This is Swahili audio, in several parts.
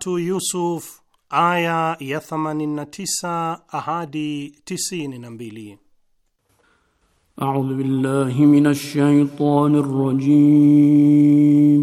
3 Yusuf aya ya 89 hadi 92. A'udhu billahi minash shaitani rrajim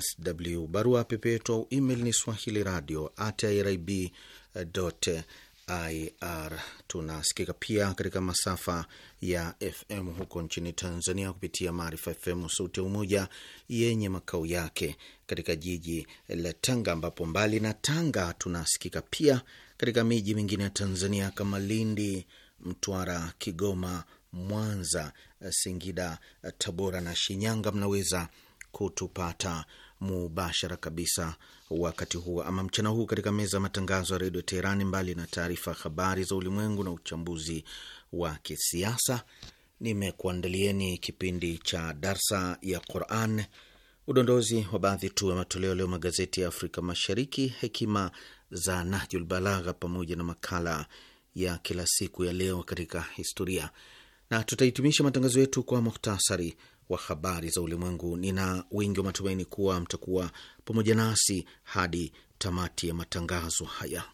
sw. Barua pepe yetu au email ni swahili radio at irib ir. Tunasikika pia katika masafa ya FM huko nchini Tanzania kupitia Maarifa FM Sauti ya Umoja yenye makao yake katika jiji la Tanga, ambapo mbali na Tanga tunasikika pia katika miji mingine ya Tanzania kama Lindi, Mtwara, Kigoma, Mwanza, Singida, Tabora na Shinyanga. Mnaweza kutupata mubashara kabisa wakati huu ama mchana huu katika meza ya matangazo ya redio Teherani. Mbali na taarifa habari za ulimwengu na uchambuzi wa kisiasa, nimekuandalieni kipindi cha darsa ya Quran, udondozi wa baadhi tu ya matoleo leo magazeti ya Afrika Mashariki, hekima za Nahjul Balagha, pamoja na makala ya kila siku ya leo katika historia, na tutahitimisha matangazo yetu kwa muhtasari wa habari za ulimwengu. Nina wingi wa matumaini kuwa mtakuwa pamoja nasi hadi tamati ya matangazo haya.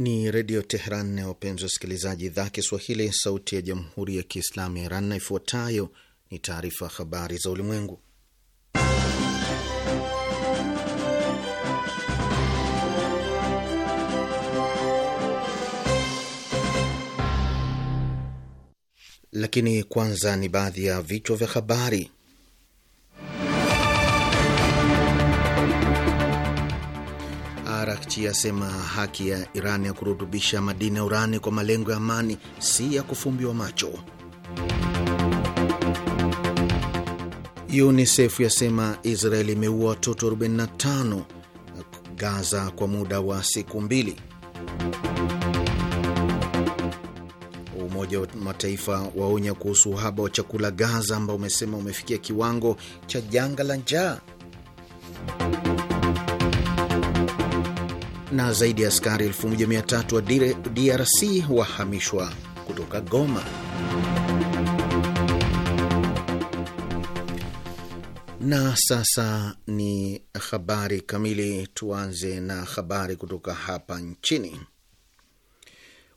Ni Redio Teheran na wapenzi wasikilizaji, idhaa Kiswahili, sauti ya jamhuri ya kiislamu ya Iran. Na ifuatayo ni taarifa habari za ulimwengu, lakini kwanza ni baadhi ya vichwa vya habari. Arakchi asema haki ya Iran ya kurutubisha madini ya urani kwa malengo ya amani si ya kufumbiwa macho. UNICEF yasema Israeli imeua watoto 45 Gaza kwa muda wa siku mbili. Umoja wa Mataifa waonya kuhusu uhaba wa chakula Gaza, ambao umesema umefikia kiwango cha janga la njaa na zaidi ya askari 1300 wa DRC wahamishwa kutoka Goma. Na sasa ni habari kamili. Tuanze na habari kutoka hapa nchini.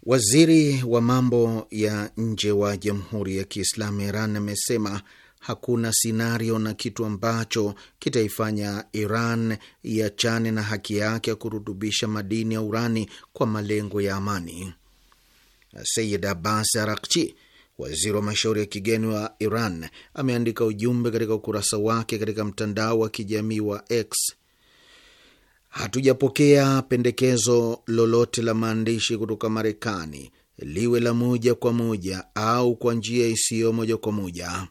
Waziri wa mambo ya nje wa Jamhuri ya Kiislamu Iran amesema hakuna sinario na kitu ambacho kitaifanya Iran iachane na haki yake ya kurutubisha madini ya urani kwa malengo ya amani. Sayid Abbas Arakchi, waziri wa mashauri ya kigeni wa Iran, ameandika ujumbe katika ukurasa wake katika mtandao wa kijamii wa X: hatujapokea pendekezo lolote la maandishi kutoka Marekani, liwe la moja kwa moja au kwa njia isiyo moja kwa moja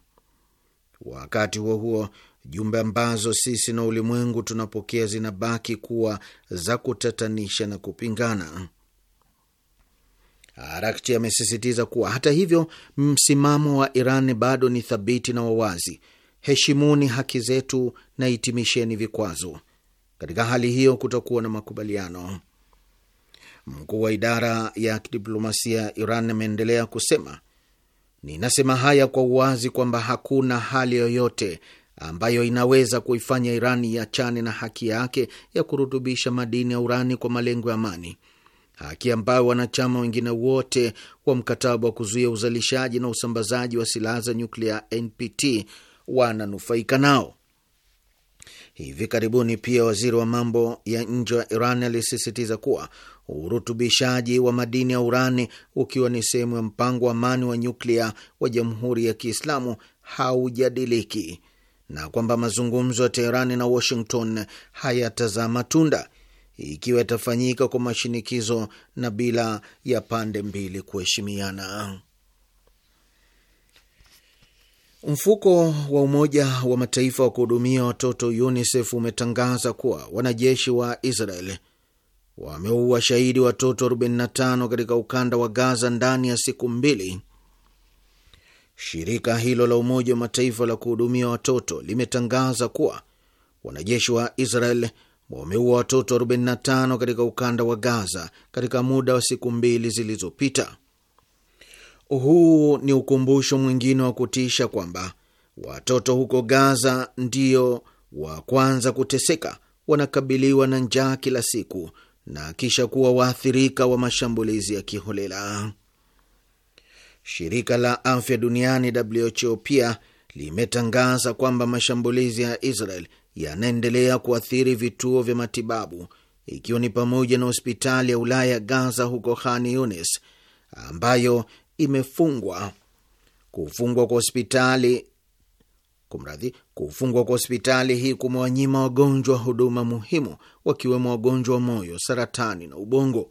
Wakati huo huo, jumbe ambazo sisi na ulimwengu tunapokea zinabaki kuwa za kutatanisha na kupingana. Arakchi amesisitiza kuwa hata hivyo, msimamo wa Iran bado ni thabiti na wawazi: heshimuni haki zetu na hitimisheni vikwazo. Katika hali hiyo kutakuwa na makubaliano. Mkuu wa idara ya kidiplomasia ya Iran ameendelea kusema Ninasema haya kwa uwazi kwamba hakuna hali yoyote ambayo inaweza kuifanya Iran iachane na haki yake ya kurutubisha madini ya urani kwa malengo ya amani, haki ambayo wanachama wengine wote wa mkataba wa kuzuia uzalishaji na usambazaji wa silaha za nyuklia NPT wananufaika nao. Hivi karibuni pia waziri wa mambo ya nje wa Iran alisisitiza kuwa urutubishaji wa madini ya urani ukiwa ni sehemu ya mpango wa amani wa nyuklia wa Jamhuri ya Kiislamu haujadiliki na kwamba mazungumzo ya Teherani na Washington hayatazaa matunda ikiwa yatafanyika kwa mashinikizo na bila ya pande mbili kuheshimiana. Mfuko wa Umoja wa Mataifa wa kuhudumia watoto UNICEF umetangaza kuwa wanajeshi wa Israel wameua shahidi watoto 45 katika ukanda wa Gaza ndani ya siku mbili. Shirika hilo la Umoja wa Mataifa la kuhudumia watoto limetangaza kuwa wanajeshi wa Israel wameua watoto 45 katika ukanda wa Gaza katika muda wa siku mbili zilizopita huu ni ukumbusho mwingine wa kutisha kwamba watoto huko Gaza ndio wa kwanza kuteseka, wanakabiliwa na njaa kila siku na kisha kuwa waathirika wa mashambulizi ya kiholela. Shirika la Afya Duniani WHO pia limetangaza kwamba mashambulizi ya Israel yanaendelea kuathiri vituo vya matibabu ikiwa ni pamoja na hospitali ya Ulaya Gaza huko Khan Yunis ambayo imefungwa. Kufungwa kwa hospitali kumradhi, kufungwa kwa hospitali hii kumewanyima wagonjwa huduma muhimu, wakiwemo wagonjwa wa moyo, saratani na ubongo.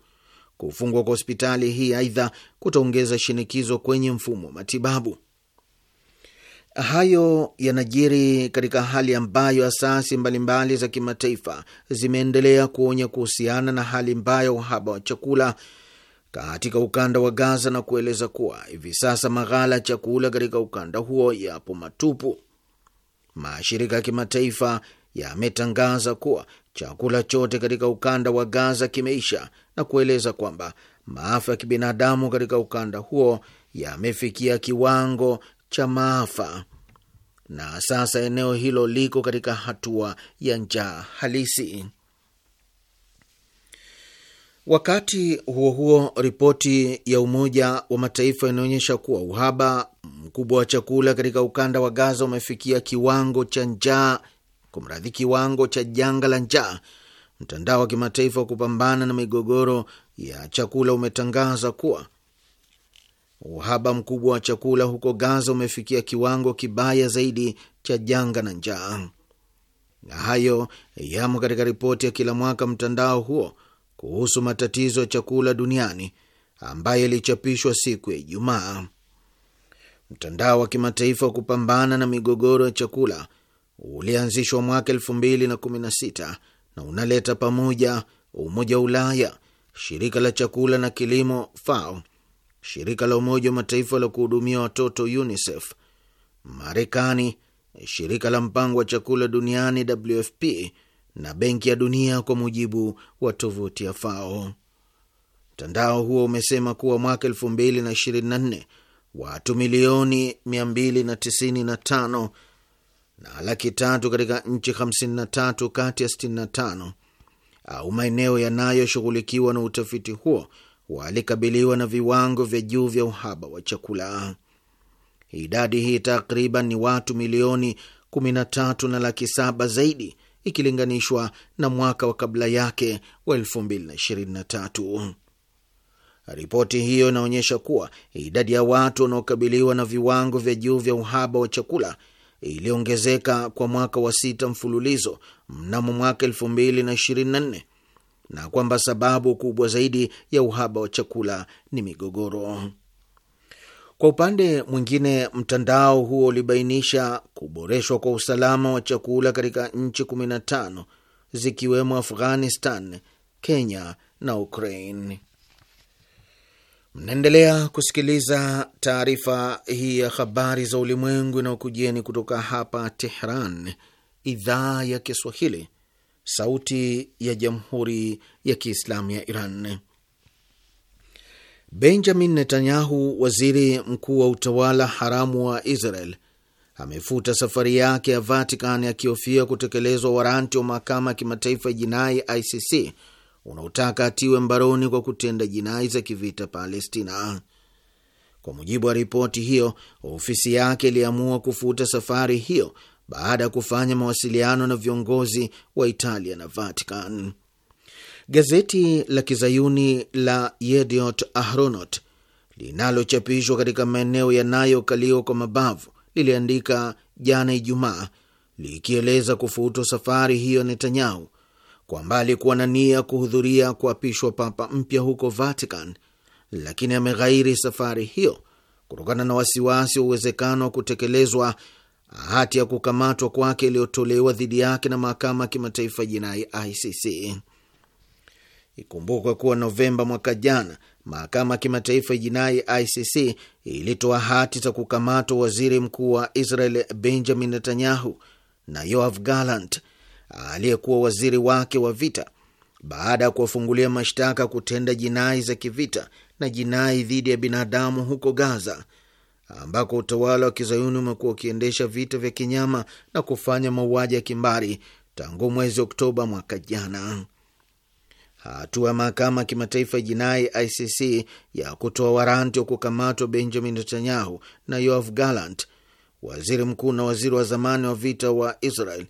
Kufungwa kwa hospitali hii aidha kutaongeza shinikizo kwenye mfumo wa matibabu. Hayo yanajiri katika hali ambayo asasi mbalimbali za kimataifa zimeendelea kuonya kuhusiana na hali mbaya, uhaba wa chakula katika ukanda wa Gaza na kueleza kuwa hivi sasa maghala ya chakula katika ukanda huo yapo matupu. Mashirika ya kimataifa yametangaza kuwa chakula chote katika ukanda wa Gaza kimeisha na kueleza kwamba maafa ya kibinadamu katika ukanda huo yamefikia kiwango cha maafa na sasa eneo hilo liko katika hatua ya njaa halisi. Wakati huo huo, ripoti ya Umoja wa Mataifa inaonyesha kuwa uhaba mkubwa wa chakula katika ukanda wa Gaza umefikia kiwango cha njaa, kumradhi, kiwango cha janga la njaa. Mtandao wa kimataifa wa kupambana na migogoro ya chakula umetangaza kuwa uhaba mkubwa wa chakula huko Gaza umefikia kiwango kibaya zaidi cha janga na njaa, na hayo yamo katika ripoti ya kila mwaka mtandao huo kuhusu matatizo ya chakula duniani ambaye ilichapishwa siku ya Ijumaa. Mtandao wa kimataifa wa kupambana na migogoro ya chakula ulianzishwa mwaka elfu mbili na kumi na sita na unaleta pamoja Umoja wa Ulaya, shirika la chakula na kilimo FAO, shirika la Umoja wa Mataifa la kuhudumia watoto UNICEF, Marekani, shirika la mpango wa chakula duniani WFP na Benki ya Dunia kwa mujibu wa tovuti ya FAO. Mtandao huo umesema kuwa mwaka 2024 watu milioni 295 na laki tatu katika nchi 53 kati ya 65 au maeneo yanayoshughulikiwa na utafiti huo walikabiliwa na viwango vya juu vya uhaba wa chakula. Idadi hii takriban ni watu milioni 13 na laki saba zaidi ikilinganishwa na mwaka wa kabla yake wa 2023. Ripoti hiyo inaonyesha kuwa idadi ya watu wanaokabiliwa na viwango vya juu vya uhaba wa chakula iliongezeka kwa mwaka wa sita mfululizo mnamo mwaka 2024 na kwamba sababu kubwa zaidi ya uhaba wa chakula ni migogoro. Kwa upande mwingine, mtandao huo ulibainisha kuboreshwa kwa usalama wa chakula katika nchi 15 zikiwemo Afghanistan, Kenya na Ukraine. Mnaendelea kusikiliza taarifa hii ya habari za ulimwengu inayokujieni kutoka hapa Tehran, idhaa ya Kiswahili, sauti ya jamhuri ya kiislamu ya Iran. Benjamin Netanyahu, waziri mkuu wa utawala haramu wa Israel, amefuta safari yake ya Vatican akihofia kutekelezwa waranti wa mahakama ya kimataifa ya jinai ICC unaotaka atiwe mbaroni kwa kutenda jinai za kivita Palestina. Kwa mujibu wa ripoti hiyo, ofisi yake iliamua kufuta safari hiyo baada ya kufanya mawasiliano na viongozi wa Italia na Vatican. Gazeti la kizayuni la Yediot Ahronot linalochapishwa katika maeneo yanayokaliwa kwa mabavu liliandika jana Ijumaa likieleza kufuutwa safari hiyo Netanyahu kwamba alikuwa na nia kuhudhuria kuapishwa papa mpya huko Vatican, lakini ameghairi safari hiyo kutokana na wasiwasi wa uwezekano wa kutekelezwa hati ya kukamatwa kwake iliyotolewa dhidi yake na mahakama ya kimataifa jinai ICC. Ikumbukwe kuwa Novemba mwaka jana mahakama ya kimataifa ya jinai ICC ilitoa hati za kukamatwa waziri mkuu wa Israel Benjamin Netanyahu na Yoav Gallant aliyekuwa waziri wake wa vita baada ya kuwafungulia mashtaka kutenda jinai za kivita na jinai dhidi ya binadamu huko Gaza ambako utawala wa kizayuni umekuwa ukiendesha vita vya kinyama na kufanya mauaji ya kimbari tangu mwezi Oktoba mwaka jana hatua ya mahakama ya kimataifa jinai ICC ya kutoa waranti wa kukamatwa Benjamin Netanyahu na Yoav Gallant, waziri mkuu na waziri wa zamani wa vita wa Israel,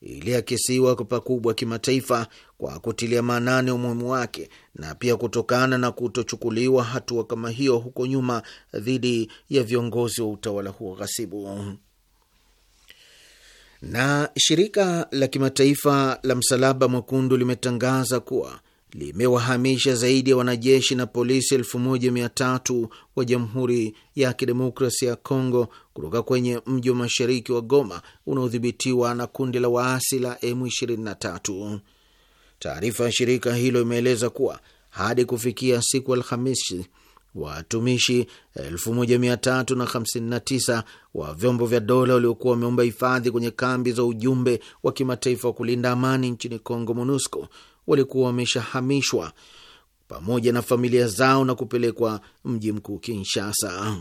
iliakisiwa kwa pakubwa kimataifa kwa kutilia maanani umuhimu wake na pia kutokana na kutochukuliwa hatua kama hiyo huko nyuma dhidi ya viongozi wa utawala huo ghasibu. Na shirika la kimataifa la Msalaba Mwekundu limetangaza kuwa limewahamisha zaidi ya wanajeshi na polisi elfu moja mia tatu wa Jamhuri ya Kidemokrasia ya Kongo kutoka kwenye mji wa mashariki wa Goma unaodhibitiwa na kundi la waasi la M23. Taarifa ya shirika hilo imeeleza kuwa hadi kufikia siku Alhamisi watumishi 1359 wa vyombo vya dola waliokuwa wameomba hifadhi kwenye kambi za ujumbe wa kimataifa wa kulinda amani nchini congo MONUSCO, walikuwa wameshahamishwa pamoja na familia zao na kupelekwa mji mkuu Kinshasa.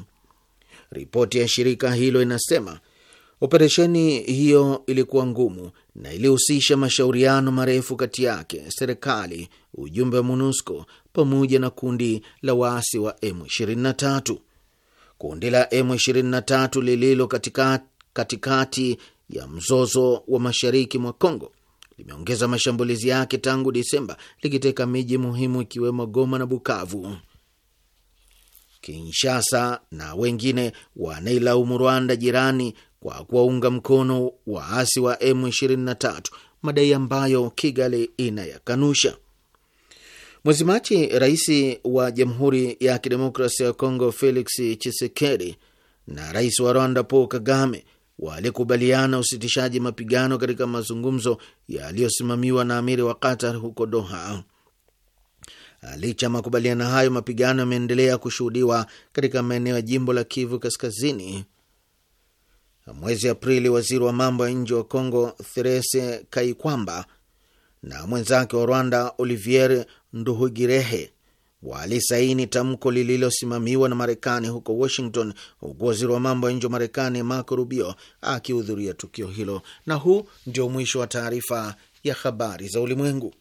Ripoti ya shirika hilo inasema operesheni hiyo ilikuwa ngumu na ilihusisha mashauriano marefu kati yake, serikali, ujumbe wa MONUSCO pamoja na kundi la waasi wa M23. Kundi la M23 lililo katika, katikati ya mzozo wa mashariki mwa congo limeongeza mashambulizi yake tangu Disemba, likiteka miji muhimu ikiwemo Goma na Bukavu. Kinshasa na wengine wanailaumu Rwanda jirani kwa kuwaunga mkono waasi wa M23, madai ambayo Kigali inayakanusha. Mwezi Machi, rais wa Jamhuri ya Kidemokrasia ya Kongo Felix Tshisekedi na rais wa Rwanda Paul Kagame walikubaliana usitishaji mapigano katika mazungumzo yaliyosimamiwa na amiri wa Qatar huko Doha. Licha ya makubaliano hayo, mapigano yameendelea kushuhudiwa katika maeneo ya jimbo la Kivu Kaskazini. Mwezi Aprili, waziri wa mambo ya nje wa congo Therese Kaikwamba na mwenzake wa Rwanda Olivier Nduhugirehe walisaini tamko lililosimamiwa na Marekani huko Washington, huku waziri wa mambo ya nje wa Marekani Marco Rubio akihudhuria tukio hilo. Na huu ndio mwisho wa taarifa ya habari za ulimwengu.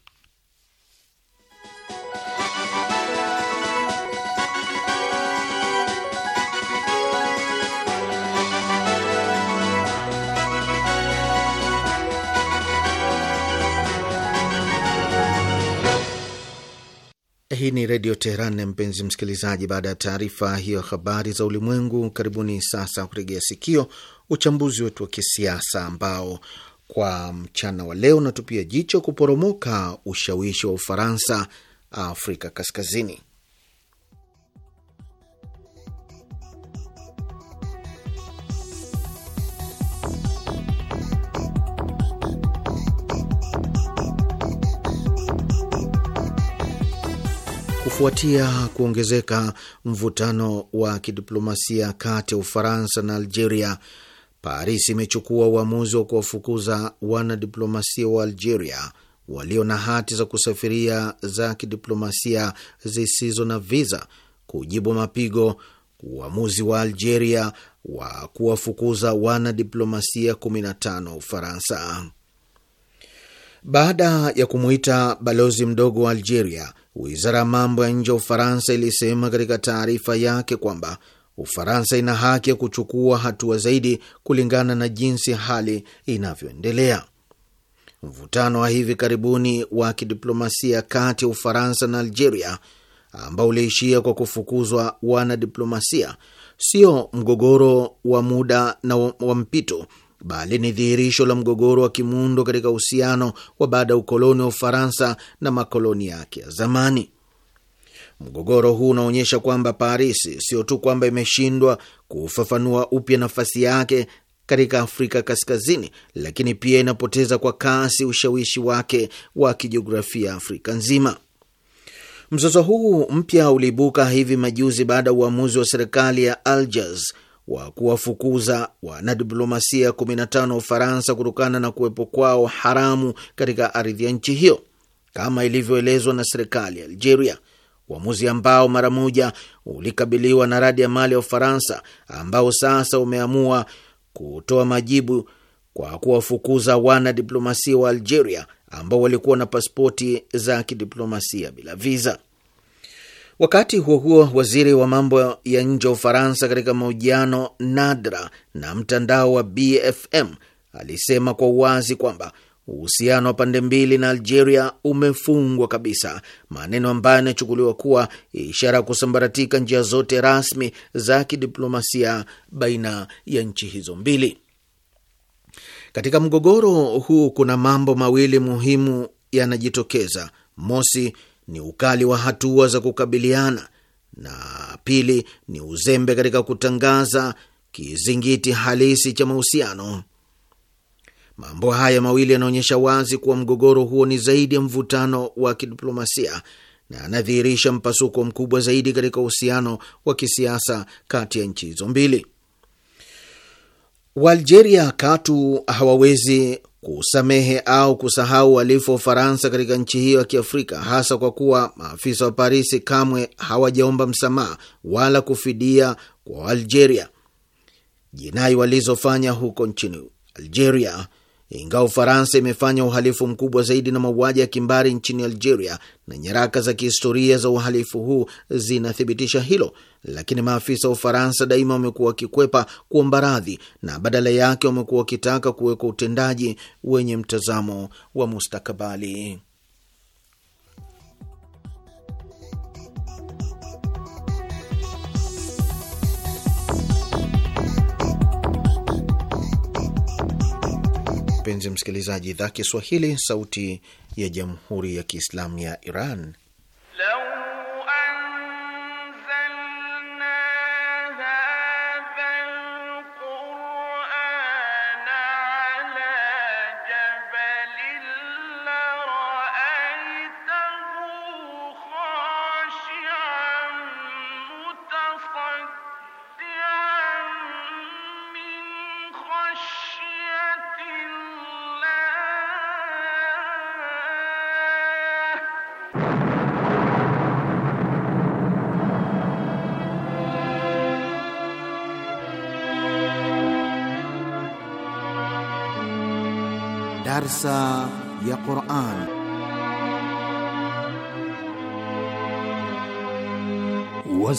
Hii ni Redio Teheran, mpenzi msikilizaji. Baada ya taarifa hiyo habari za ulimwengu, karibuni sasa kuregea sikio uchambuzi wetu wa kisiasa ambao kwa mchana wa leo unatupia jicho kuporomoka ushawishi wa Ufaransa Afrika Kaskazini. Kufuatia kuongezeka mvutano wa kidiplomasia kati ya Ufaransa na Algeria, Paris imechukua uamuzi wa kuwafukuza wanadiplomasia wa Algeria walio na hati za kusafiria za kidiplomasia zisizo na viza kujibu mapigo uamuzi wa Algeria wa kuwafukuza wanadiplomasia 15 Ufaransa. Baada ya kumwita balozi mdogo wa Algeria Wizara ya mambo ya nje ya Ufaransa ilisema katika taarifa yake kwamba Ufaransa ina haki ya kuchukua hatua zaidi kulingana na jinsi hali inavyoendelea. Mvutano wa hivi karibuni wa kidiplomasia kati ya Ufaransa na Algeria ambao uliishia kwa kufukuzwa wanadiplomasia sio mgogoro wa muda na wa mpito bali ni dhihirisho la mgogoro wa kimuundo katika uhusiano wa baada ya ukoloni wa Ufaransa na makoloni yake ya zamani. Mgogoro huu unaonyesha kwamba Paris sio tu kwamba imeshindwa kufafanua upya nafasi yake katika Afrika Kaskazini, lakini pia inapoteza kwa kasi ushawishi wake wa kijiografia Afrika nzima. Mzozo huu mpya uliibuka hivi majuzi baada ya uamuzi wa serikali ya Algiers wa kuwafukuza wanadiplomasia 15 wa Ufaransa kutokana na kuwepo kwao haramu katika ardhi ya nchi hiyo kama ilivyoelezwa na serikali ya Algeria, uamuzi ambao mara moja ulikabiliwa na radi ya mali ya Ufaransa, ambao sasa umeamua kutoa majibu kwa kuwafukuza wanadiplomasia wa Algeria ambao walikuwa na pasipoti za kidiplomasia bila viza. Wakati huo huo, waziri wa mambo ya nje wa Ufaransa katika mahojiano nadra na mtandao wa BFM alisema kwa uwazi kwamba uhusiano wa pande mbili na Algeria umefungwa kabisa, maneno ambayo yanachukuliwa kuwa ishara ya kusambaratika njia zote rasmi za kidiplomasia baina ya nchi hizo mbili. Katika mgogoro huu kuna mambo mawili muhimu yanajitokeza: mosi, ni ukali wa hatua za kukabiliana na pili ni uzembe katika kutangaza kizingiti halisi cha mahusiano. Mambo haya mawili yanaonyesha wazi kuwa mgogoro huo ni zaidi ya mvutano wa kidiplomasia na anadhihirisha mpasuko mkubwa zaidi katika uhusiano wa kisiasa kati ya nchi hizo mbili. Waalgeria katu hawawezi kusamehe au kusahau uhalifu wa Ufaransa katika nchi hiyo ya Kiafrika, hasa kwa kuwa maafisa wa Parisi kamwe hawajaomba msamaha wala kufidia kwa Algeria jinai walizofanya huko nchini Algeria ingawa Ufaransa imefanya uhalifu mkubwa zaidi na mauaji ya kimbari nchini Algeria na nyaraka za kihistoria za uhalifu huu zinathibitisha hilo, lakini maafisa wa Ufaransa daima wamekuwa wakikwepa kuomba radhi na badala yake wamekuwa wakitaka kuwekwa utendaji wenye mtazamo wa mustakabali. mpenzi msikilizaji, idhaa Kiswahili sauti ya jamhuri ya Kiislamu ya Iran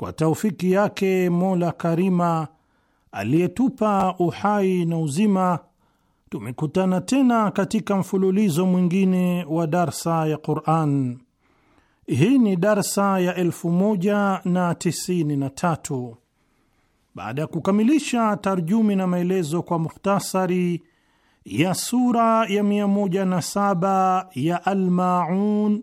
kwa taufiki yake Mola Karima aliyetupa uhai na uzima, tumekutana tena katika mfululizo mwingine wa darsa ya Quran. Hii ni darsa ya elfu moja na tisini na tatu baada ya kukamilisha tarjumi na maelezo kwa mukhtasari ya sura ya 17 ya Almaun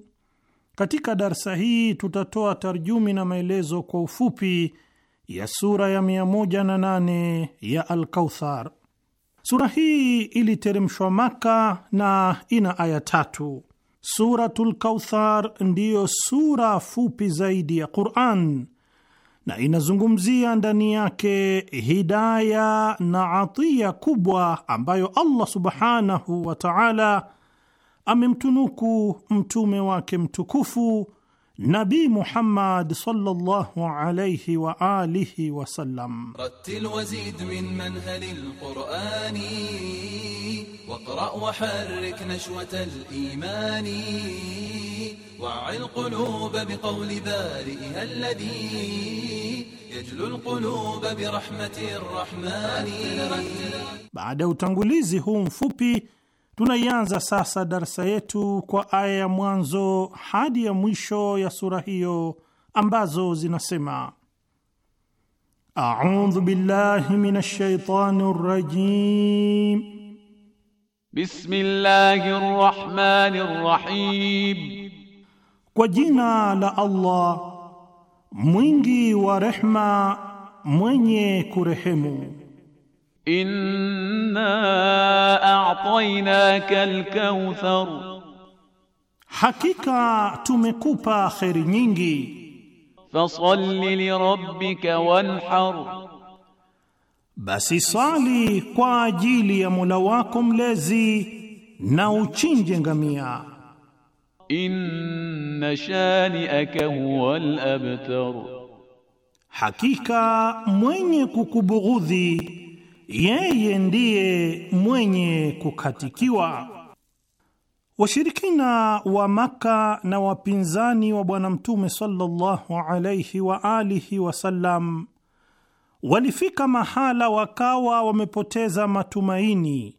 katika darsa hii tutatoa tarjumi na maelezo kwa ufupi ya sura ya 108 ya alkauthar Sura hii iliteremshwa Maka na ina aya tatu. Suratul Kauthar ndiyo sura fupi zaidi ya Quran na inazungumzia ndani yake hidaya na atiya kubwa ambayo Allah subhanahu wa ta'ala amemtunuku mtume wake mtukufu Nabi Muhammad sallallahu alayhi wa alihi wa sallam. Rattil wazid min manhali al-Qur'ani waqra' wa harrik nashwat al-imani wa'il qulub biqawli bari'iha alladhi yajlu al-qulub birahmati ar-rahmani. Baada utangulizi huu mfupi Tunaianza sasa darsa yetu kwa aya ya mwanzo hadi ya mwisho ya sura hiyo ambazo zinasema: audhu billahi minash shaitani rajim, bismillahi rahmani rahim, kwa jina la Allah mwingi wa rehma mwenye kurehemu inna a'tainaka al-kauthar, hakika tumekupa kheri nyingi. Fasalli lirabbika wanhar, basi sali kwa ajili ya Mola wako mlezi na uchinje ngamia. Inna shani'aka huwal abtar, hakika mwenye kukubughudhi yeye ndiye mwenye kukatikiwa. Washirikina wa Maka na wapinzani wa Bwana Mtume sallallahu alaihi wa alihi wasallam walifika mahala wakawa wamepoteza matumaini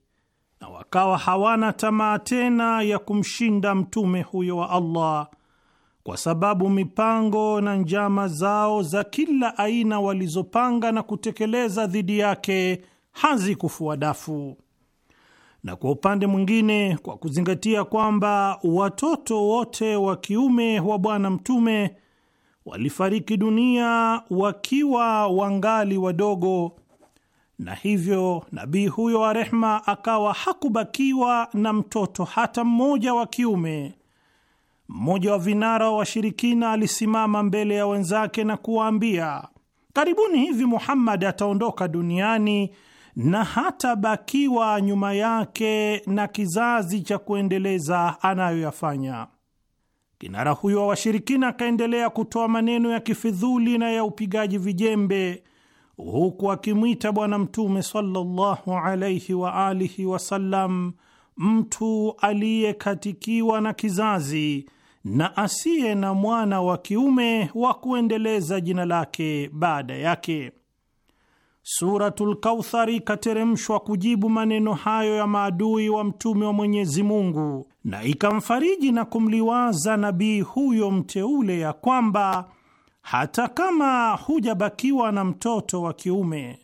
na wakawa hawana tamaa tena ya kumshinda mtume huyo wa Allah kwa sababu mipango na njama zao za kila aina walizopanga na kutekeleza dhidi yake hazikufua dafu. Na kwa upande mwingine, kwa kuzingatia kwamba watoto wote wa kiume wa Bwana Mtume walifariki dunia wakiwa wangali wadogo, na hivyo nabii huyo wa rehma akawa hakubakiwa na mtoto hata mmoja wa kiume. Mmoja wa vinara wa washirikina alisimama mbele ya wenzake na kuwaambia, karibuni hivi Muhammad ataondoka duniani na hatabakiwa nyuma yake na kizazi cha kuendeleza anayoyafanya. Kinara huyo wa washirikina akaendelea kutoa maneno ya kifidhuli na ya upigaji vijembe, huku akimwita Bwana Mtume sallallahu alaihi wa alihi wasallam mtu aliyekatikiwa na kizazi na asiye na mwana wa kiume wa kuendeleza jina lake baada yake. Suratul Kauthari ikateremshwa kujibu maneno hayo ya maadui wa mtume wa Mwenyezi Mungu, na ikamfariji na kumliwaza nabii huyo mteule ya kwamba hata kama hujabakiwa na mtoto wa kiume,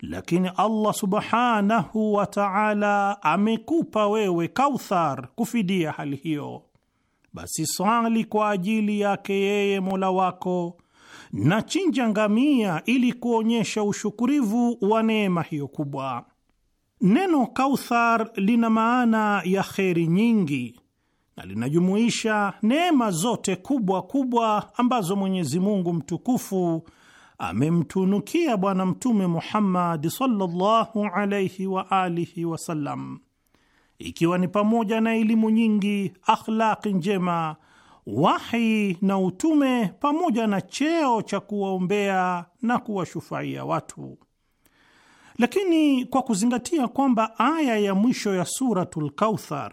lakini Allah subhanahu wa ta'ala amekupa wewe Kauthar kufidia hali hiyo, basi sali kwa ajili yake yeye Mola wako nachinja ngamia ili kuonyesha ushukurivu wa neema hiyo kubwa. Neno Kauthar lina maana ya kheri nyingi na linajumuisha neema zote kubwa kubwa ambazo Mwenyezi Mungu mtukufu amemtunukia Bwana Mtume Muhammad sallallahu alayhi wa alihi wasallam, ikiwa ni pamoja na elimu nyingi, akhlaqi njema wahi na utume pamoja na cheo cha kuwaombea na kuwashufaia watu. Lakini kwa kuzingatia kwamba aya ya mwisho ya Suratul Kauthar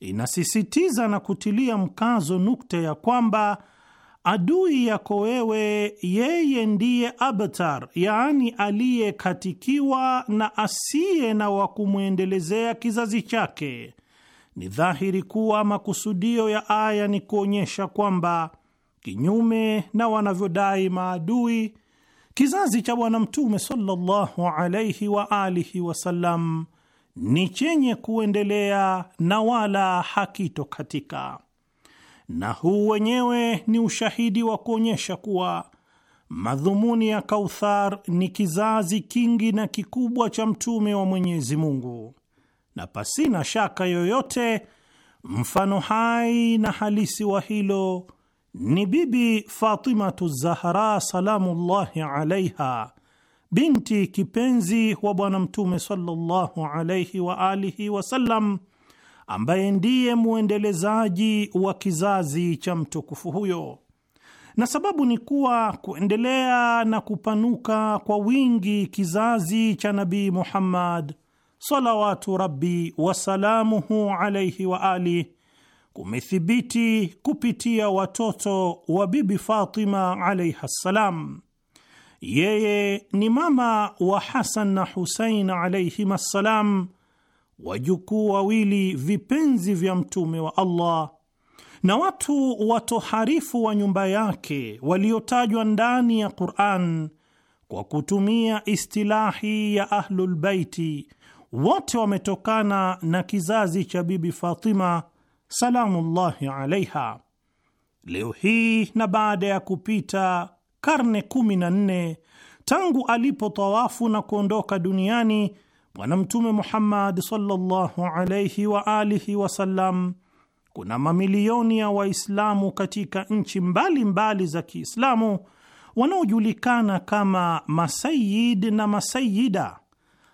inasisitiza na kutilia mkazo nukta ya kwamba adui yako wewe yeye ndiye abtar, yaani aliyekatikiwa na asiye na wa kumwendelezea kizazi chake ni dhahiri kuwa makusudio ya aya ni kuonyesha kwamba kinyume na wanavyodai maadui, kizazi cha Bwana Mtume sallallahu alaihi wa alihi wasallam ni chenye kuendelea na wala hakitokatika, na huu wenyewe ni ushahidi wa kuonyesha kuwa madhumuni ya Kauthar ni kizazi kingi na kikubwa cha mtume wa Mwenyezi Mungu na pasina shaka yoyote mfano hai na halisi wa hilo ni Bibi Fatimatu Zahra salamullahi alaiha, binti kipenzi wa Bwana Mtume sallallahu alaihi wa alihi wasallam, ambaye ndiye mwendelezaji wa kizazi cha mtukufu huyo, na sababu ni kuwa kuendelea na kupanuka kwa wingi kizazi cha Nabii Muhammad salawatu rabbi wasalamuhu alaihi wa ali kumethibiti kupitia watoto wa Bibi Fatima alaiha ssalam. Yeye ni mama wa Hasan na Husain alaihima assalam, wajukuu wawili vipenzi vya Mtume wa Allah na watu watoharifu wa nyumba yake waliotajwa ndani ya Quran kwa kutumia istilahi ya ahlulbaiti wote wametokana na kizazi cha Bibi Fatima salamullahi alaiha. Leo hii na baada ya kupita karne kumi na nne tangu alipotawafu na kuondoka duniani Bwana Mtume Muhammad sallallahu alaihi wa alihi wasallam, kuna mamilioni ya Waislamu katika nchi mbalimbali za Kiislamu wanaojulikana kama masayid na masayida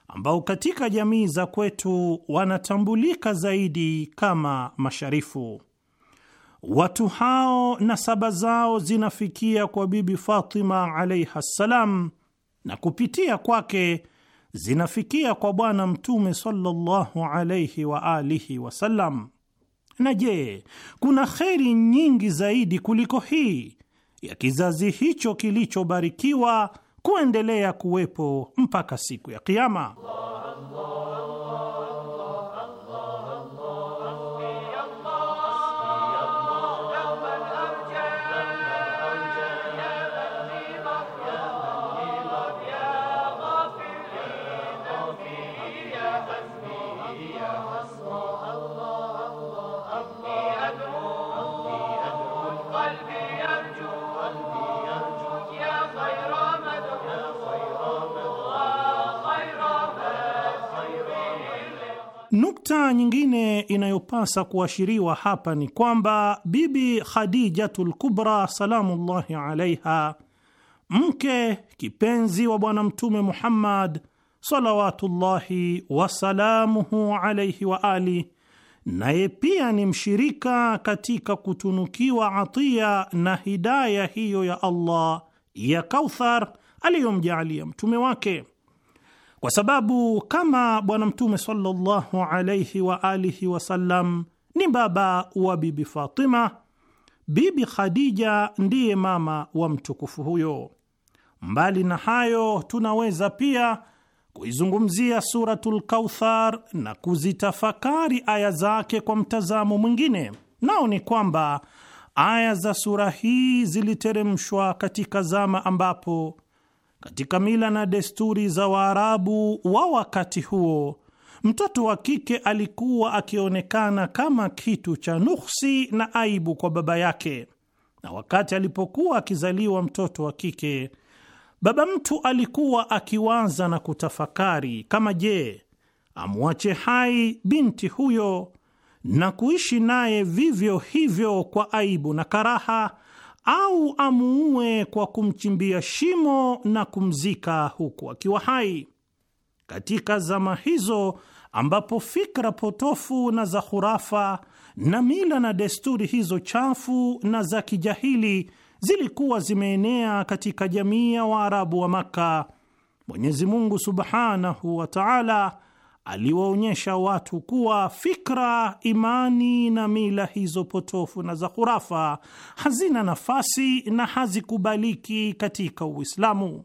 ambao katika jamii za kwetu wanatambulika zaidi kama masharifu. Watu hao nasaba zao zinafikia kwa Bibi Fatima alaiha ssalam, na kupitia kwake zinafikia kwa Bwana Mtume sallallahu alaihi wa alihi wasallam. Na je, kuna kheri nyingi zaidi kuliko hii ya kizazi hicho kilichobarikiwa kuendelea kuwepo mpaka siku ya Kiama. Nukta nyingine inayopasa kuashiriwa hapa ni kwamba Bibi Khadijatul Kubra salamullahi alaiha, mke kipenzi wa Bwana Mtume Muhammad salawatullahi wasalamuhu alaihi wa ali, naye pia ni mshirika katika kutunukiwa atiya na hidaya hiyo ya Allah ya Kauthar aliyomjaalia mtume wake kwa sababu kama Bwana Mtume sallallahu alaihi wa alihi wasallam ni baba wa Bibi Fatima, Bibi Khadija ndiye mama wa mtukufu huyo. Mbali na hayo, tunaweza pia kuizungumzia Suratul Kauthar na kuzitafakari aya zake kwa mtazamo mwingine, nao ni kwamba aya za sura hii ziliteremshwa katika zama ambapo katika mila na desturi za Waarabu wa wakati huo, mtoto wa kike alikuwa akionekana kama kitu cha nuksi na aibu kwa baba yake, na wakati alipokuwa akizaliwa mtoto wa kike, baba mtu alikuwa akiwaza na kutafakari kama, je, amwache hai binti huyo na kuishi naye vivyo hivyo kwa aibu na karaha au amuue kwa kumchimbia shimo na kumzika huku akiwa hai. Katika zama hizo ambapo fikra potofu na za hurafa na mila na desturi hizo chafu na za kijahili zilikuwa zimeenea katika jamii ya Waarabu wa Makka, Mwenyezi Mungu subhanahu wa taala aliwaonyesha watu kuwa fikra, imani na mila hizo potofu na za khurafa hazina nafasi na hazikubaliki katika Uislamu,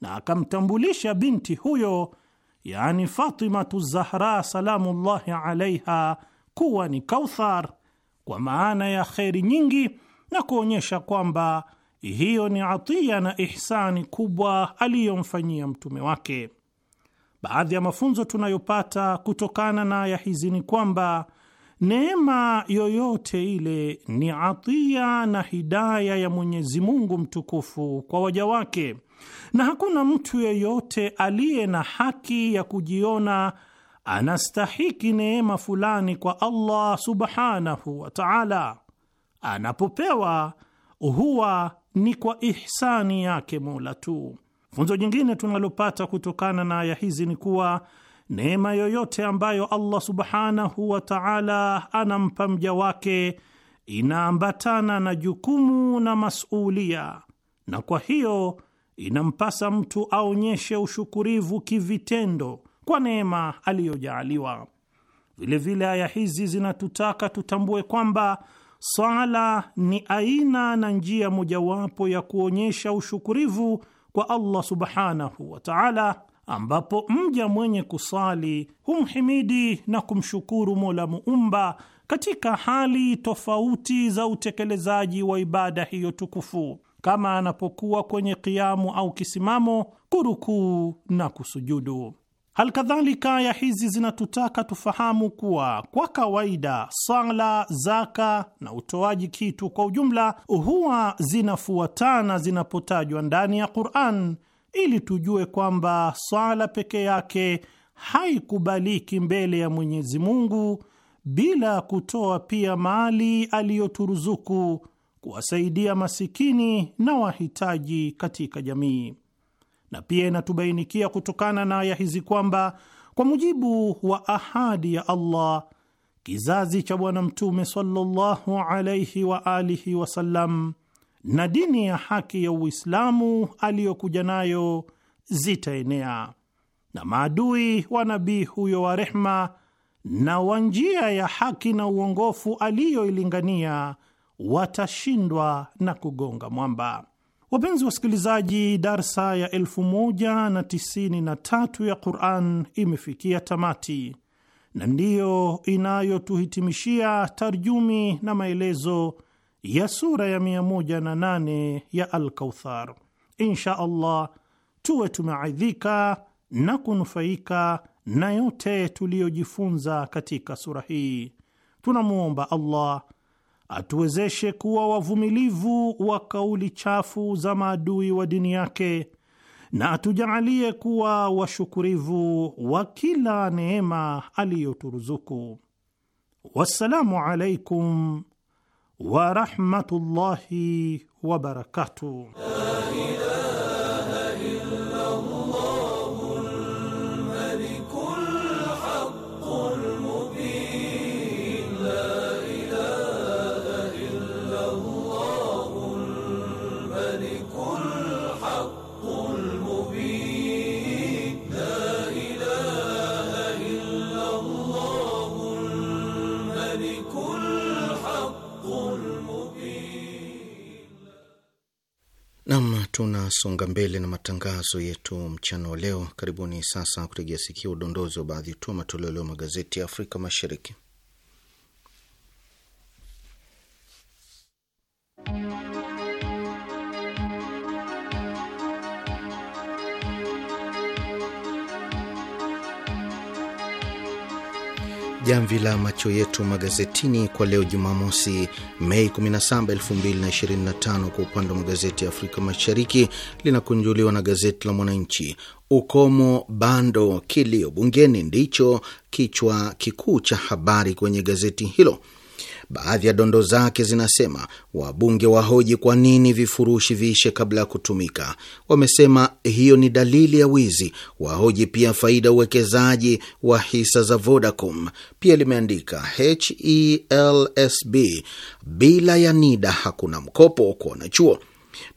na akamtambulisha binti huyo, yani Fatimatu Zahra salamullahi alaiha, kuwa ni Kauthar kwa maana ya kheri nyingi, na kuonyesha kwamba hiyo ni atiya na ihsani kubwa aliyomfanyia mtume wake. Baadhi ya mafunzo tunayopata kutokana na aya hizi ni kwamba neema yoyote ile ni atia na hidaya ya Mwenyezi Mungu mtukufu kwa waja wake, na hakuna mtu yeyote aliye na haki ya kujiona anastahiki neema fulani kwa Allah subhanahu wa ta'ala. Anapopewa huwa ni kwa ihsani yake Mola tu. Funzo jingine tunalopata kutokana na aya hizi ni kuwa neema yoyote ambayo Allah subhanahu wa ta'ala anampa mja wake inaambatana na jukumu na masulia, na kwa hiyo inampasa mtu aonyeshe ushukurivu kivitendo kwa neema aliyojaaliwa. Vilevile aya hizi zinatutaka tutambue kwamba swala ni aina na njia mojawapo ya kuonyesha ushukurivu kwa Allah subhanahu wa ta'ala, ambapo mja mwenye kusali humhimidi na kumshukuru Mola muumba katika hali tofauti za utekelezaji wa ibada hiyo tukufu, kama anapokuwa kwenye kiamu au kisimamo, kurukuu na kusujudu. Alkadhalika, ya hizi zinatutaka tufahamu kuwa kwa kawaida sala, zaka na utoaji kitu kwa ujumla huwa zinafuatana zinapotajwa ndani ya Qur'an, ili tujue kwamba sala peke yake haikubaliki mbele ya Mwenyezi Mungu bila kutoa pia mali aliyoturuzuku kuwasaidia masikini na wahitaji katika jamii na pia inatubainikia kutokana na aya hizi kwamba kwa mujibu wa ahadi ya Allah, kizazi cha Bwana Mtume sallallahu alaihi wa alihi wasallam na dini ya haki ya Uislamu aliyokuja nayo zitaenea na maadui wa nabii huyo wa rehma na wa njia ya haki na uongofu aliyoilingania watashindwa na kugonga mwamba. Wapenzi wasikilizaji, darsa ya 1093 ya Quran imefikia tamati na ndiyo inayotuhitimishia tarjumi na maelezo ya sura ya 108 ya Alkauthar. Insha Allah tuwe tumeaidhika na kunufaika na yote tuliyojifunza katika sura hii. Tunamwomba Allah atuwezeshe kuwa wavumilivu wa kauli chafu za maadui wa dini yake na atujaalie kuwa washukurivu wa kila neema aliyoturuzuku. Wassalamu alaikum warahmatullahi wabarakatuh. Tunasonga mbele na matangazo yetu mchana wa leo. Karibuni sasa kutegea sikia udondozi wa baadhi tu matoleo leo magazeti ya Afrika Mashariki. jamvi la macho yetu magazetini kwa leo Jumamosi, Mei 17, 2025. Kwa upande wa magazeti ya Afrika Mashariki, linakunjuliwa na gazeti la Mwananchi. Ukomo bando, kilio bungeni, ndicho kichwa kikuu cha habari kwenye gazeti hilo. Baadhi ya dondo zake zinasema wabunge wahoji kwa nini vifurushi viishe kabla ya kutumika. Wamesema hiyo ni dalili ya wizi. Wahoji pia faida uwekezaji wa hisa za Vodacom. Pia limeandika HELSB, bila ya NIDA hakuna mkopo kwa wanachuo,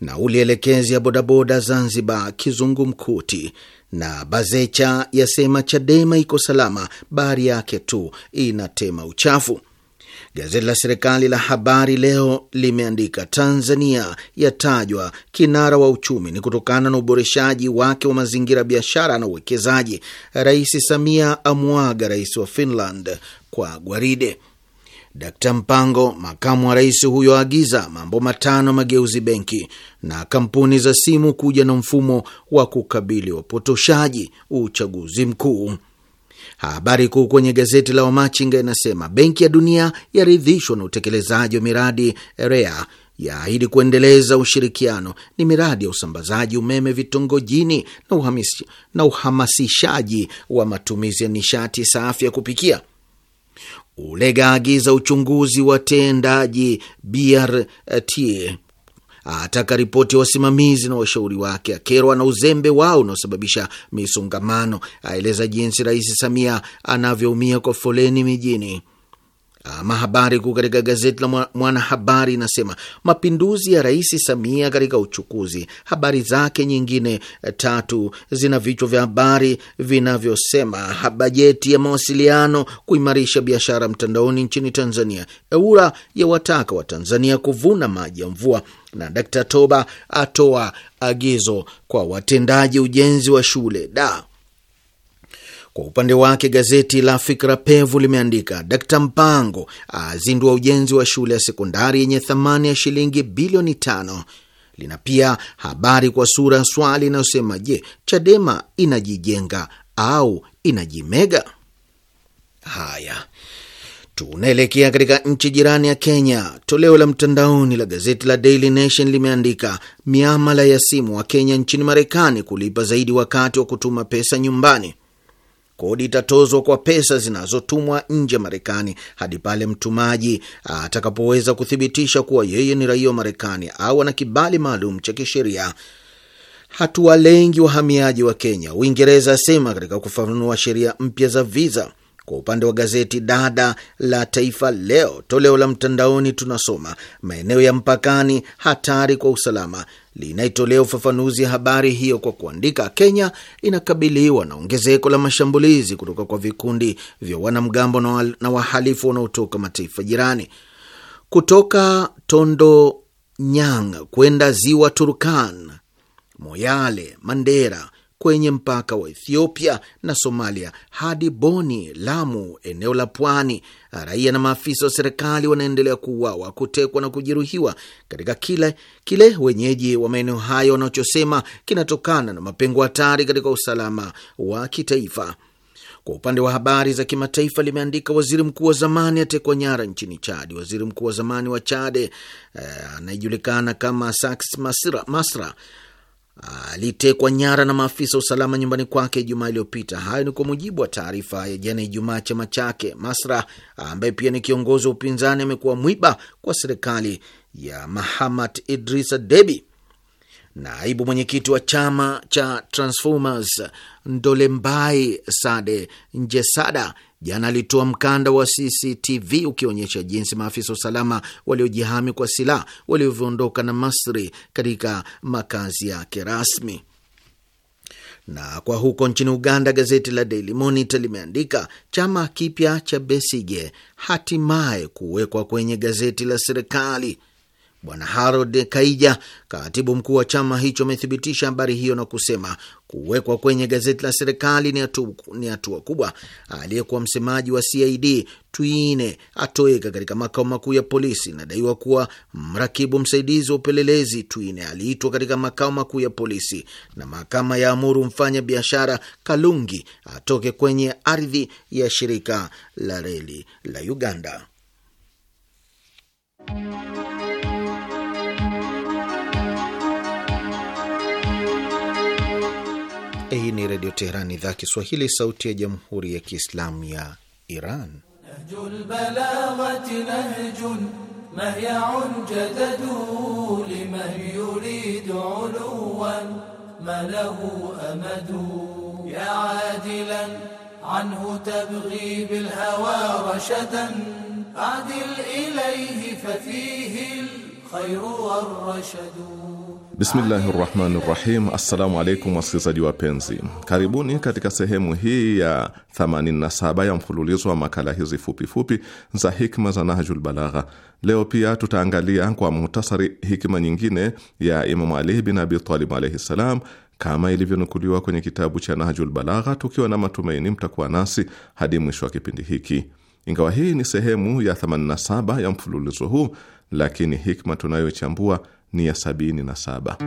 nauli elekezi ya bodaboda Zanzibar kizungumkuti na Bazecha yasema Chadema iko salama, bahari yake tu inatema uchafu. Gazeti la serikali la Habari Leo limeandika Tanzania yatajwa kinara wa uchumi ni kutokana na uboreshaji wake wa mazingira, biashara na uwekezaji. Rais Samia amwaga rais wa Finland kwa gwaride. Dkt Mpango, makamu wa rais huyo, agiza mambo matano mageuzi benki, na kampuni za simu kuja na mfumo wa kukabili wapotoshaji uchaguzi mkuu. Habari kuu kwenye gazeti la Wamachinga inasema Benki ya Dunia yaridhishwa na utekelezaji wa miradi REA yaahidi kuendeleza ushirikiano. Ni miradi ya usambazaji umeme vitongojini na, na uhamasishaji wa matumizi ya nishati safi ya kupikia. Ulega agiza uchunguzi watendaji BRT ataka ripoti ya wasimamizi na washauri wake, akerwa na uzembe wao unaosababisha misongamano, aeleza jinsi Rais Samia anavyoumia kwa foleni mijini. Ama habari kuu katika gazeti la Mwanahabari inasema mapinduzi ya Rais Samia katika uchukuzi. Habari zake nyingine eh, tatu zina vichwa vya habari vinavyosema bajeti ya mawasiliano kuimarisha biashara mtandaoni nchini Tanzania, eura ya wataka wa Tanzania kuvuna maji ya mvua, na Dkt Toba atoa agizo kwa watendaji ujenzi wa shule da. Kwa upande wake gazeti la Fikra Pevu limeandika Dkt Mpango azindua ujenzi wa shule ya sekondari yenye thamani ya shilingi bilioni tano. Lina pia habari kwa sura ya swali inayosema je, Chadema inajijenga au inajimega? Haya, Tunaelekea katika nchi jirani ya Kenya. Toleo la mtandaoni la gazeti la Daily Nation limeandika miamala ya simu wa Kenya nchini Marekani kulipa zaidi wakati wa kutuma pesa nyumbani. Kodi itatozwa kwa pesa zinazotumwa nje ya Marekani hadi pale mtumaji atakapoweza kuthibitisha kuwa yeye ni raia wa Marekani au ana kibali maalum cha kisheria. Hatuwalengi wahamiaji wa Kenya, Uingereza asema katika kufafanua sheria mpya za viza kwa upande wa gazeti dada la Taifa Leo toleo la mtandaoni, tunasoma maeneo ya mpakani hatari kwa usalama. Linaitolea ufafanuzi habari hiyo kwa kuandika, Kenya inakabiliwa na ongezeko la mashambulizi kutoka kwa vikundi vya wanamgambo na wahalifu wanaotoka mataifa jirani. Kutoka Tondo Nyang kwenda ziwa Turkan, Moyale, Mandera kwenye mpaka wa Ethiopia na Somalia hadi Boni, Lamu, eneo la pwani. Raia na maafisa wa serikali wanaendelea kuuawa, kutekwa na kujeruhiwa katika kile kile wenyeji wa maeneo hayo wanachosema kinatokana na mapengo hatari katika usalama wa kitaifa. Kwa upande wa habari za kimataifa limeandika waziri mkuu wa zamani atekwa nyara nchini Chad. Waziri mkuu wa zamani wa chade eh, anayejulikana eh, kama Saks Masra, Masra alitekwa nyara na maafisa wa usalama nyumbani kwake Ijumaa iliyopita. Hayo ni kwa mujibu wa taarifa ya jana Ijumaa chama chake Masra, ambaye pia ni kiongozi wa upinzani, amekuwa mwiba kwa serikali ya Mahamat Idrisa Debi. Naibu mwenyekiti wa chama cha Transformers Ndolembai Sade Njesada jana alitoa mkanda wa CCTV ukionyesha jinsi maafisa wa usalama waliojihami kwa silaha walivyoondoka na Masri katika makazi yake rasmi. Na kwa huko nchini Uganda, gazeti la Daily Monitor limeandika chama kipya cha Besige hatimaye kuwekwa kwenye gazeti la serikali. Bwana Harold Kaija, katibu mkuu wa chama hicho, amethibitisha habari hiyo na kusema kuwekwa kwenye gazeti la serikali ni hatua kubwa. Aliyekuwa msemaji wa CID Twine atoweka katika makao makuu ya polisi. Inadaiwa kuwa mrakibu msaidizi wa upelelezi Twine aliitwa katika makao makuu ya polisi, na mahakama ya amuru mfanya biashara Kalungi atoke kwenye ardhi ya shirika la reli la Uganda. Hii ni Redio Teherani, idhaa Kiswahili, sauti ya Jamhuri ya Kiislamu ya Iran. Bismillahi rahmani rahim. Assalamu alaikum wasikilizaji wapenzi, karibuni katika sehemu hii ya 87 ya mfululizo wa makala hizi fupifupi za hikma za Nahjul Balagha. Leo pia tutaangalia kwa muhtasari hikma nyingine ya Imamu Ali bin Abi Talib alaihi ssalam kama ilivyonukuliwa kwenye kitabu cha Nahjul Balagha, tukiwa na matumaini mtakuwa nasi hadi mwisho wa kipindi hiki. Ingawa hii ni sehemu ya 87 ya mfululizo huu, lakini hikma tunayochambua ni ya sabini na saba.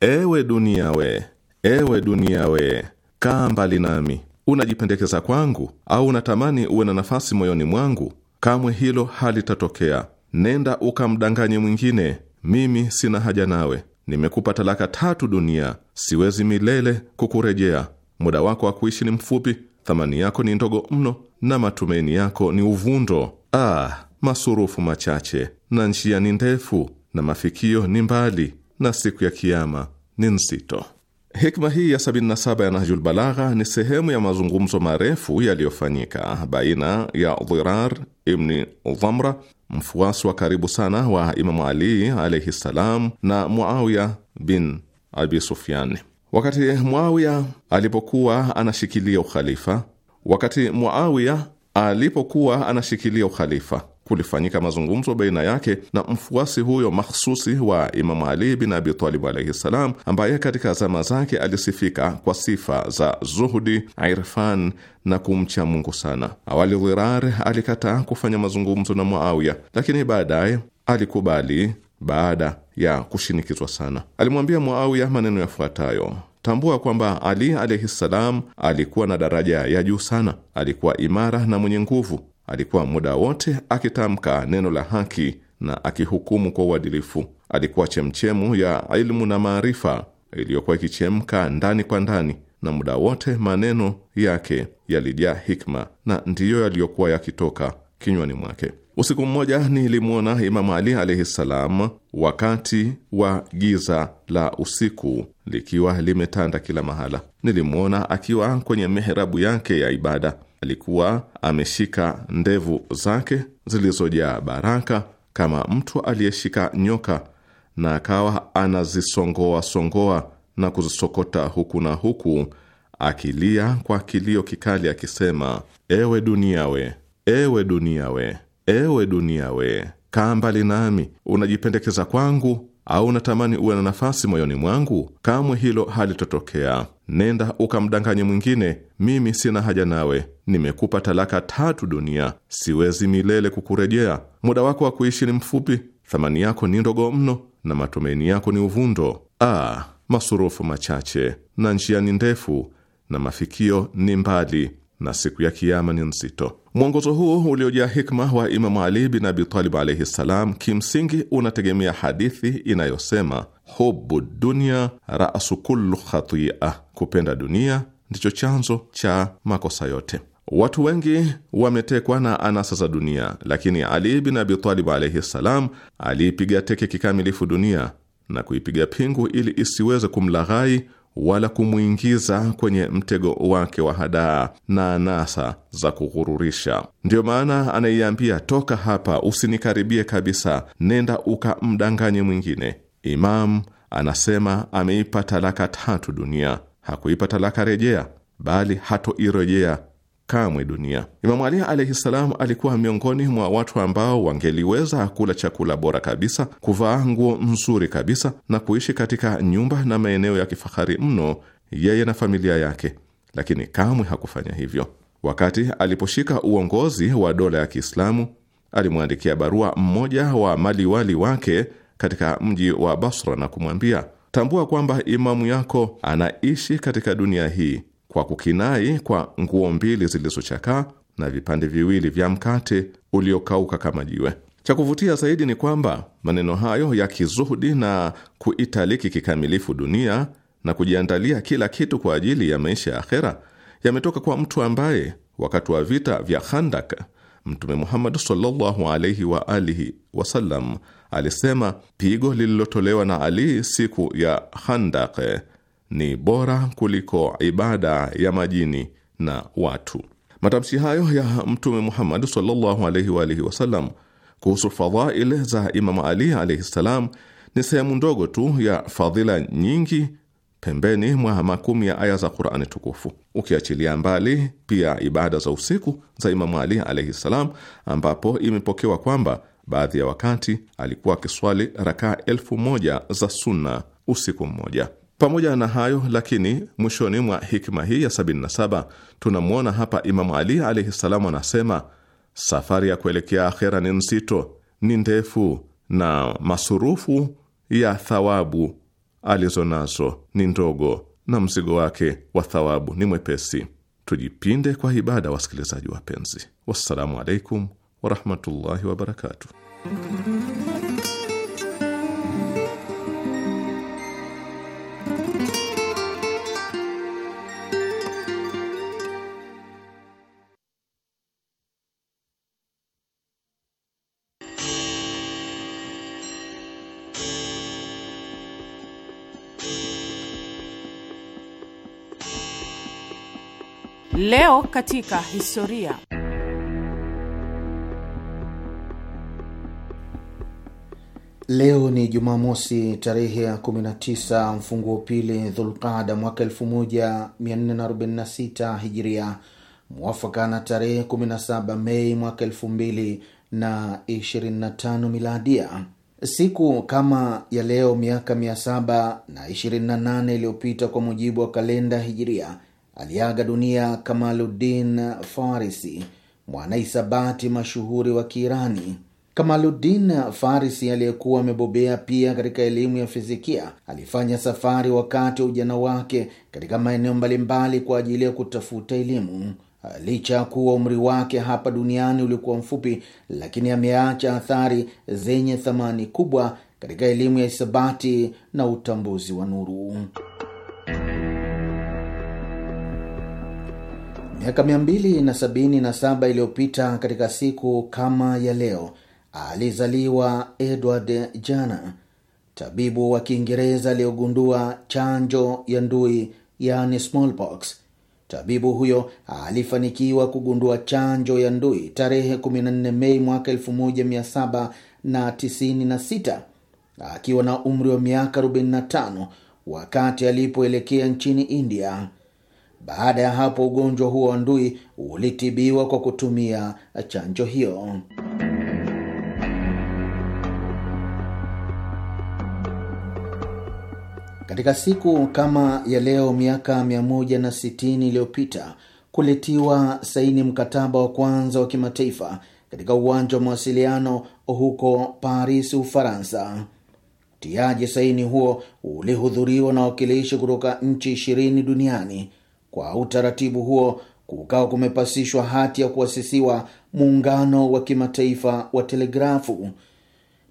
Ewe dunia we, ewe dunia we, kaa mbali nami. Unajipendekeza kwangu au unatamani uwe na nafasi moyoni mwangu? Kamwe hilo halitatokea. Nenda ukamdanganye mwingine, mimi sina haja nawe. Nimekupa talaka tatu dunia, siwezi milele kukurejea. Muda wako wa kuishi ni mfupi, thamani yako ni ndogo mno na matumaini yako ni uvundo. Ah, masurufu machache na njia ni ndefu na mafikio ni mbali na siku ya Kiama ni nzito. Hikma hii ya 77 ya Nahjul Balagha ni sehemu ya mazungumzo marefu yaliyofanyika baina ya Dhirar ibni Dhamra, mfuasi wa karibu sana wa Imamu Ali alaihi ssalam, na Muawiya bin Abi Sufyan. Wakati Muawiya alipokuwa anashikilia ukhalifa, wakati Muawiya alipokuwa anashikilia ukhalifa, kulifanyika mazungumzo baina yake na mfuasi huyo makhususi wa Imamu Ali bin Abi Talib alaihi ssalam, ambaye katika zama zake alisifika kwa sifa za zuhudi, irfan na kumcha Mungu sana. Awali Dhirar alikataa kufanya mazungumzo na Muawiya, lakini baadaye alikubali baada ya kushinikizwa sana. Alimwambia Muawiya maneno yafuatayo: Tambua kwamba Ali alaihi ssalam alikuwa na daraja ya juu sana. Alikuwa imara na mwenye nguvu. Alikuwa muda wote akitamka neno la haki na akihukumu kwa uadilifu. Alikuwa chemchemu ya ilmu na maarifa iliyokuwa ikichemka ndani kwa ndani, na muda wote maneno yake yalijaa hikma na ndiyo yaliyokuwa yakitoka kinywani mwake. Usiku mmoja nilimwona Imamu Ali alaihi ssalam wakati wa giza la usiku likiwa limetanda kila mahala. Nilimwona akiwa kwenye mihrabu yake ya ibada, alikuwa ameshika ndevu zake zilizojaa baraka kama mtu aliyeshika nyoka, na akawa anazisongoa songoa na kuzisokota huku na huku, akilia kwa kilio kikali akisema: ewe dunia we, ewe dunia we Ewe dunia we, kaa mbali nami, unajipendekeza kwangu au unatamani uwe na nafasi moyoni mwangu? Kamwe hilo halitotokea. Nenda ukamdanganye mwingine, mimi sina haja nawe. Nimekupa talaka tatu dunia, siwezi milele kukurejea. Muda wako wa kuishi ni mfupi, thamani yako ni ndogo mno, na matumaini yako ni uvundo. Ah, masurufu machache na njia ni ndefu, na mafikio ni mbali na siku ya Kiama ni nzito. Mwongozo huu uliojaa hikma wa Imamu Ali bin Abi Talib alaihi ssalam, kimsingi unategemea hadithi inayosema hubu dunia rasu kullu khatia, kupenda dunia ndicho chanzo cha makosa yote. Watu wengi wametekwa na anasa za dunia, lakini Ali bin Abi Talib alaihi ssalam aliipiga teke kikamilifu dunia na kuipiga pingu ili isiweze kumlaghai wala kumwingiza kwenye mtego wake wa hadaa na anasa za kughururisha. Ndiyo maana anaiambia, toka hapa, usinikaribie kabisa, nenda ukamdanganye mwingine. Imamu anasema ameipa talaka tatu dunia, hakuipa talaka rejea, bali hatoirejea kamwe dunia. Imamu Ali alaihi salam alikuwa miongoni mwa watu ambao wangeliweza kula chakula bora kabisa, kuvaa nguo nzuri kabisa, na kuishi katika nyumba na maeneo ya kifahari mno, yeye na familia yake, lakini kamwe hakufanya hivyo. Wakati aliposhika uongozi wa dola ya Kiislamu, alimwandikia barua mmoja wa maliwali wake katika mji wa Basra na kumwambia, tambua kwamba imamu yako anaishi katika dunia hii kwa kukinai kwa nguo mbili zilizochakaa na vipande viwili vya mkate uliokauka kama jiwe. Cha kuvutia zaidi ni kwamba maneno hayo ya kizuhudi na kuitaliki kikamilifu dunia na kujiandalia kila kitu kwa ajili ya maisha ya akhera yametoka kwa mtu ambaye wakati wa vita vya Khandak Mtume Muhammad sallallahu alaihi wa alihi wasallam alisema, pigo lililotolewa na Ali siku ya handak ni bora kuliko ibada ya majini na watu. Matamshi hayo ya Mtume Muhammad sallallahu alaihi wa alihi wasallam kuhusu fadhail za Imamu Ali alaihi ssalam ni sehemu ndogo tu ya fadhila nyingi pembeni mwa makumi ya aya za Qur'ani tukufu, ukiachilia mbali pia ibada za usiku za Imamu Ali alaihi ssalam, ambapo imepokewa kwamba baadhi ya wakati alikuwa akiswali rakaa elfu moja za sunna usiku mmoja. Pamoja na hayo lakini, mwishoni mwa hikma hii ya 77 tunamwona hapa Imamu Ali alaihi ssalamu anasema, safari ya kuelekea akhera ni nzito, ni ndefu na masurufu ya thawabu alizo nazo ni ndogo, na mzigo wake wa thawabu ni mwepesi. Tujipinde kwa ibada, wasikilizaji wapenzi. Wassalamu alaikum warahmatullahi wabarakatuh. Leo katika historia. Leo ni Jumamosi, tarehe ya 19 mfunguo pili Dhulqada mwaka 1446 Hijiria, mwafaka na tarehe 17 Mei mwaka 2025 Miladia. Siku kama ya leo miaka 728 iliyopita kwa mujibu wa kalenda Hijiria, aliaga dunia Kamaluddin Farisi, mwanaisabati mashuhuri wa Kiirani. Kamaluddin Farisi aliyekuwa amebobea pia katika elimu ya fizikia alifanya safari wakati wa ujana wake katika maeneo mbalimbali kwa ajili ya kutafuta elimu. Licha ya kuwa umri wake hapa duniani ulikuwa mfupi, lakini ameacha athari zenye thamani kubwa katika elimu ya hisabati na utambuzi wa nuru. Miaka 277 iliyopita katika siku kama ya leo alizaliwa Edward Jenner, tabibu wa Kiingereza aliyogundua chanjo ya ndui, yani smallpox. Tabibu huyo alifanikiwa kugundua chanjo ya ndui tarehe 14 Mei mwaka 1796 akiwa na umri wa miaka 45 wakati alipoelekea nchini India. Baada ya hapo, ugonjwa huo wa ndui ulitibiwa kwa kutumia chanjo hiyo. Katika siku kama ya leo miaka 160 iliyopita kulitiwa saini mkataba wa kwanza wa kimataifa katika uwanja wa mawasiliano huko Paris, Ufaransa. Utiaji saini huo ulihudhuriwa na wakilishi kutoka nchi ishirini duniani. Kwa utaratibu huo kukawa kumepasishwa hati ya kuasisiwa muungano wa kimataifa wa telegrafu.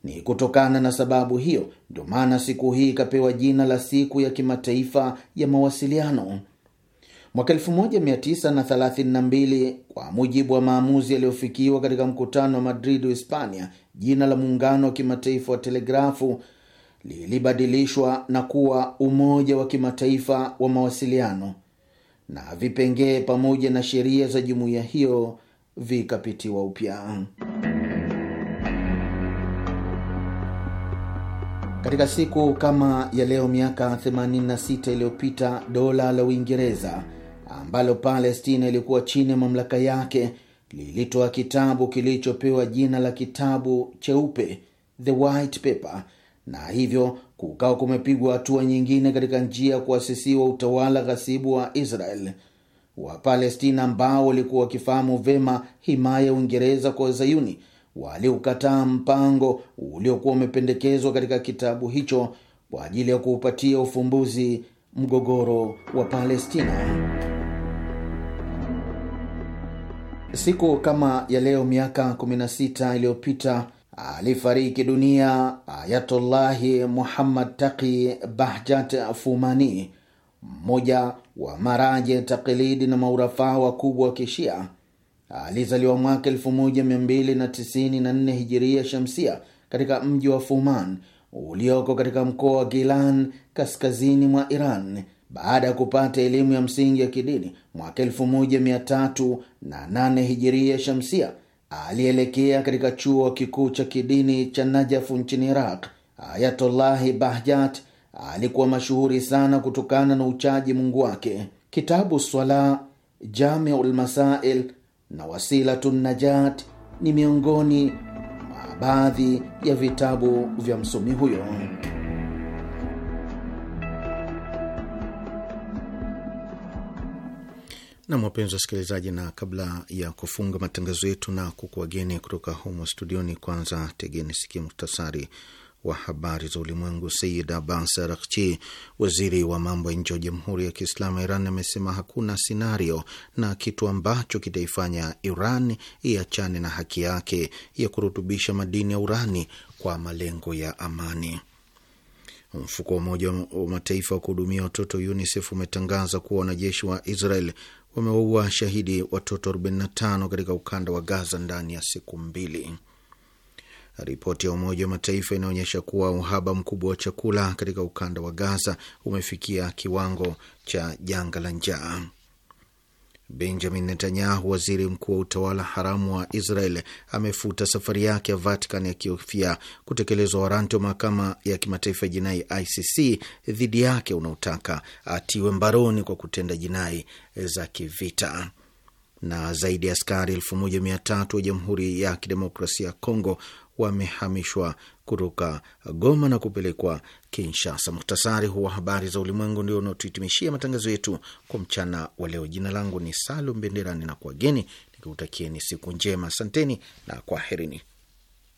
Ni kutokana na sababu hiyo ndio maana siku hii ikapewa jina la siku ya kimataifa ya mawasiliano. Mwaka 1932 kwa mujibu wa maamuzi yaliyofikiwa katika mkutano wa Madrid, Hispania, jina la muungano wa kimataifa wa telegrafu lilibadilishwa na kuwa umoja wa kimataifa wa mawasiliano na vipengee pamoja na sheria za jumuiya hiyo vikapitiwa upya. Katika siku kama ya leo miaka 86 iliyopita, dola la Uingereza ambalo Palestina ilikuwa chini ya mamlaka yake lilitoa kitabu kilichopewa jina la kitabu cheupe, the white paper, na hivyo kukawa kumepigwa hatua nyingine katika njia ya kuasisiwa utawala ghasibu wa Israel. Wapalestina ambao walikuwa wakifahamu vema himaya ya Uingereza kwa zayuni waliukataa mpango uliokuwa umependekezwa katika kitabu hicho kwa ajili ya kuupatia ufumbuzi mgogoro wa Palestina. Siku kama ya leo miaka 16 iliyopita alifariki dunia Ayatullahi Muhammad Taqi Bahjat Fumani, mmoja wa maraje taklidi na maurafaa wakubwa wa Kishia. Alizaliwa mwaka 1294 hijiria shamsia katika mji wa Fuman ulioko katika mkoa wa Gilan kaskazini mwa Iran. Baada ya kupata elimu ya msingi ya kidini mwaka 1308 hijiria shamsia alielekea katika chuo kikuu cha kidini cha Najafu nchini Iraq. Ayatollahi Bahjat alikuwa mashuhuri sana kutokana na uchaji Mungu wake. Kitabu Swala, Jamiul Masail na Wasilatu Najat ni miongoni mwa baadhi ya vitabu vya msomi huyo. na wapenzi wasikilizaji, na kabla ya kufunga matangazo yetu na kukuwageni kutoka humo studioni, kwanza tegeni sikia muhtasari wa habari za ulimwengu. Sayid Abbas Arakchi, waziri wa mambo ya nje wa Jamhuri ya Kiislamu ya Iran, amesema hakuna sinario na kitu ambacho kitaifanya Iran iachane na haki yake ya kurutubisha madini ya urani kwa malengo ya amani. Mfuko wa Umoja wa Mataifa wa kuhudumia watoto UNICEF umetangaza kuwa wanajeshi wa Israel wamewaua shahidi watoto 45 katika ukanda wa Gaza ndani ya siku mbili. Ripoti ya Umoja wa Mataifa inaonyesha kuwa uhaba mkubwa wa chakula katika ukanda wa Gaza umefikia kiwango cha janga la njaa. Benjamin Netanyahu, waziri mkuu wa utawala haramu wa Israel, amefuta safari yake ya Vatican akihofia kutekelezwa waranti wa mahakama ya kimataifa ya jinai ICC dhidi yake unaotaka atiwe mbaroni kwa kutenda jinai za kivita. Na zaidi ya askari elfu moja mia tatu wa Jamhuri ya Kidemokrasia ya Kongo wamehamishwa kutoka Goma na kupelekwa Kinshasa. huu huwa habari za ulimwengu ndio unaotuhitimishia matangazo yetu kwa mchana wa leo. Jina langu ni Salum Benderani na kwageni nikiutakieni siku njema, asanteni na kwaherini.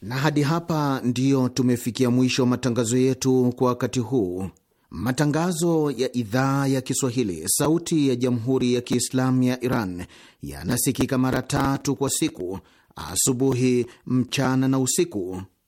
Na hadi hapa ndiyo tumefikia mwisho wa matangazo yetu kwa wakati huu. Matangazo ya idhaa ya Kiswahili, sauti ya jamhuri ya kiislamu ya Iran yanasikika mara tatu kwa siku: asubuhi, mchana na usiku.